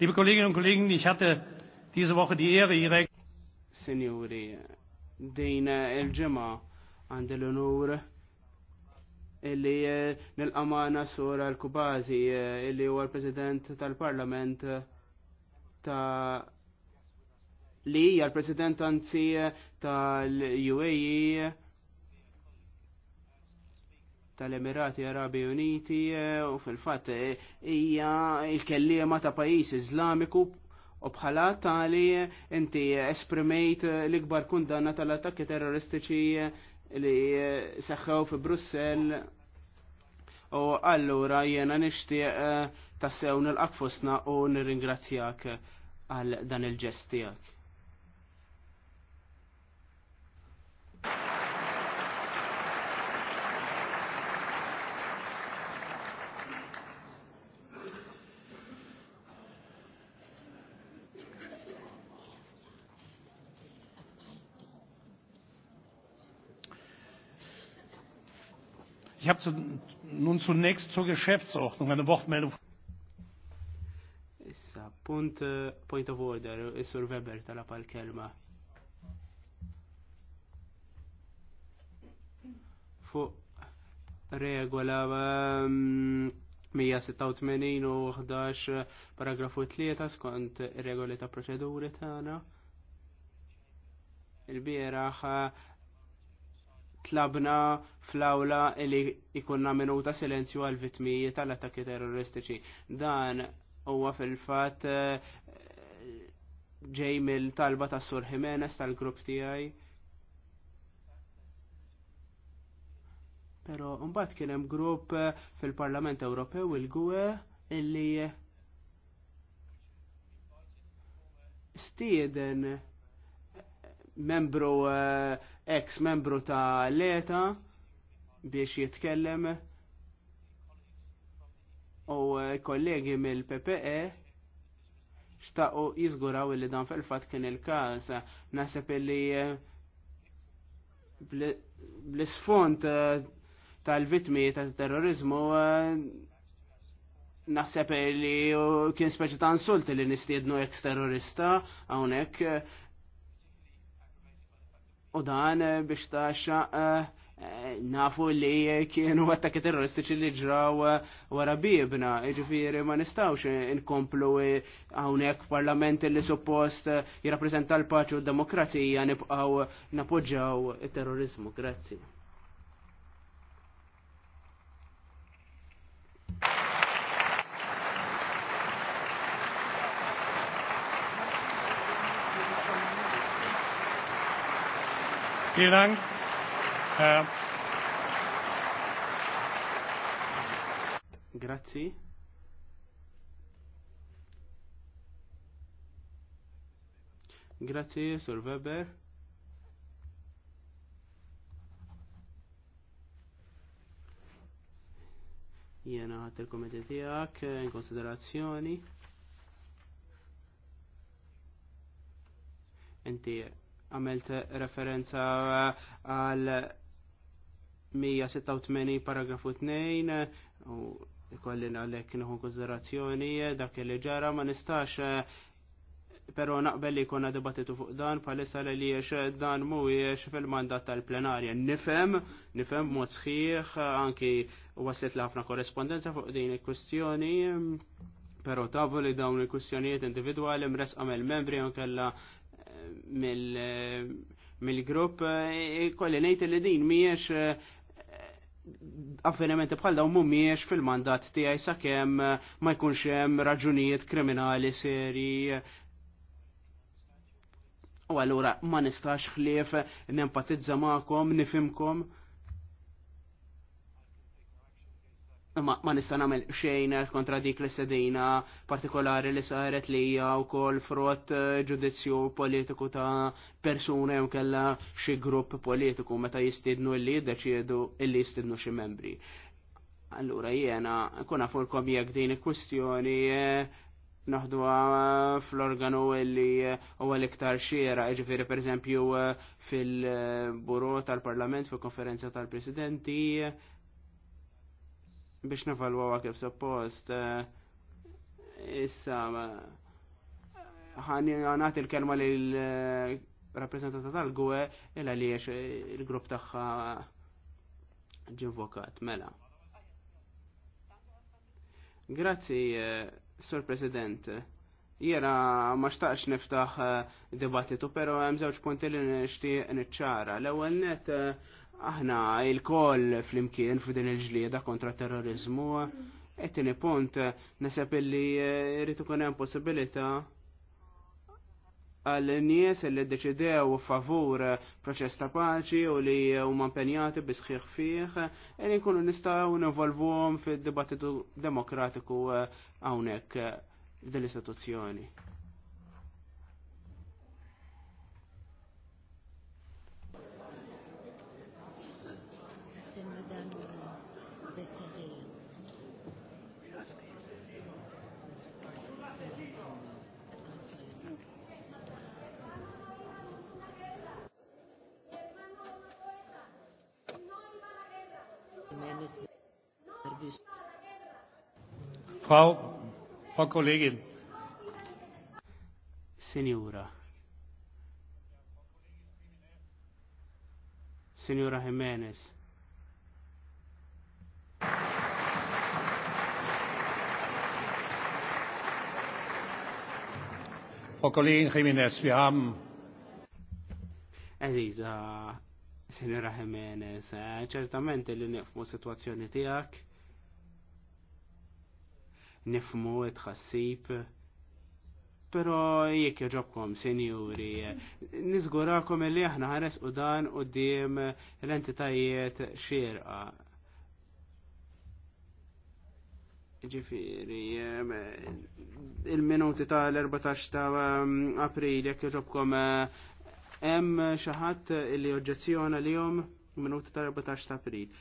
Liebe Kolleginnen und Kollegen, ich hatte diese Woche die Ehre, Ihre... Signori, dejna il-ġemma għand l-onur illi eh, nil-amana sora l-Kubazi eh, illi huwa l-President tal-Parlament eh, ta' li hija l-President anzi tal-UAE tal-Emirati Arabi Uniti eh, u fil-fatt eh, hija il-kelliema ta' pajjiż Iżlamiku u bħala tali inti esprimejt l-ikbar kundanna tal-attakki terroristiċi eh, li seħħew fi Brussel u allura jena nixtieq tassew nil-qak u nirringrazzjak għal dan il-ġestijak. Ich habe zu, nun zunächst zur Geschäftsordnung eine Wortmeldung. Issa, punt, eh, point of order, Issur Weber tala pal kelma. Fu regola 186 ehm, u 11 eh, paragrafu 3 skont regoli ta' proċeduri tana. Il-bieraħ tlabna fl-awla li ikunna minuta silenzju għal vitmijiet tal-attakki terroristiċi. Dan huwa fil-fatt eh, ġej mill-talba tas Sur Jimenez tal-grupp tiegħi. Pero mbagħad kien hemm grupp eh, fil-Parlament Ewropew il-GUE illi eh, stieden membru eh, ex membru ta' leta biex jitkellem u eh, kollegi mill-PPE xtaqu jizguraw li dan fil-fat kien il-kas. Nasib li eh, bl-sfont tal-vitmi tal-terrorizmu naħseb li kien speċi ta' insult li nistiednu eks-terrorista hawnhekk U dan eh, biex taxxa eh, eh, nafu li kienu attakki terroristiċi li ġraw wara bibna, Iġifiri ma nistawx inkomplu għawnek parlament li suppost jirrapprezenta l-paċu u d-demokrazija nipqaw napoġġaw il-terrorizmu. Grazzi. Vielen Dank. Herr Grazie. Grazie, Sir Weber. Jena ħat il-komedi tijak in konsiderazzjoni. Inti għamilt referenza eh, għal 186 paragrafu 2 u ikolli għalek nħu konsiderazzjoni dak li ġara ma nistax eh, pero naqbel li konna dibattitu fuq dan palissa li liex dan mhuwiex fil-mandat tal-plenarja. Nifhem, nifhem mod sħiħ, anki waslet li ħafna korrespondenza fuq din il kustjoni pero tavu li dawn il-kustjonijiet individuali mres għamel membri għan kella mill-grupp eh, kolli ngħid li din miex eh, avvenimenti bħal dawn mhumiex fil-mandat tiegħi sakemm eh, ma jkunx hemm raġunijiet kriminali seri u allura ma nistax ħlief nempatizza magħkom nifimkom ma nista' nagħmel xejn kontra dik li sedina partikolari li saret li hija wkoll frott eh, ġudizzju politiku ta' persuna jew kellha xi grupp politiku meta jistidnu li jiddeċiedu li jistidnu xi membri. Allura jiena kuna furkom jekk din il-kwistjoni eh, naħdu fl-organu li huwa l-iktar xiera, ġifiri per eżempju eh, fil-buro tal-parlament, fil-konferenza tal-presidenti, biex nevalwawa kif suppost eh, issa eh, ħani għanat il-kelma li l-rappresentata eh, tal-gwe illa li il-grupp taħħa ġivokat mela. Grazzi, Sur President. Jera ma xtaqx niftaħ dibattitu, pero hemm żewġ punti li nixtieq niċċara. L-ewwel net aħna il-koll fl-imkien f'din il-ġlieda kontra terrorizmu, ettini punt nasab li eh, rritu kunem possibilita għal nies li deċidew favur proċess ta' paċi u li huma impenjati bi sħiħ fih, li e nkunu nistgħu nivolvuhom fid-dibattitu demokratiku eh, hawnhekk eh, dell l-istituzzjoni. Frau, Frau Kollegin. Signora. Signora Jimenez. Frau Kollegin Jimenez, wir haben. Aziza, Sinira Jimenez, eh, ċertament li nifmu situazzjoni tijak, nifmu tħassib, pero jek joġobkom, senjuri, eh, nizgurakom li aħna ħares u dan u dim l-entitajiet xirqa. Ġifiri, eh, il-minuti tal-14 ta' april jek joġobkom Hemm xi ħadd li oġġezzjona lihom minuti tal-14 ta' April.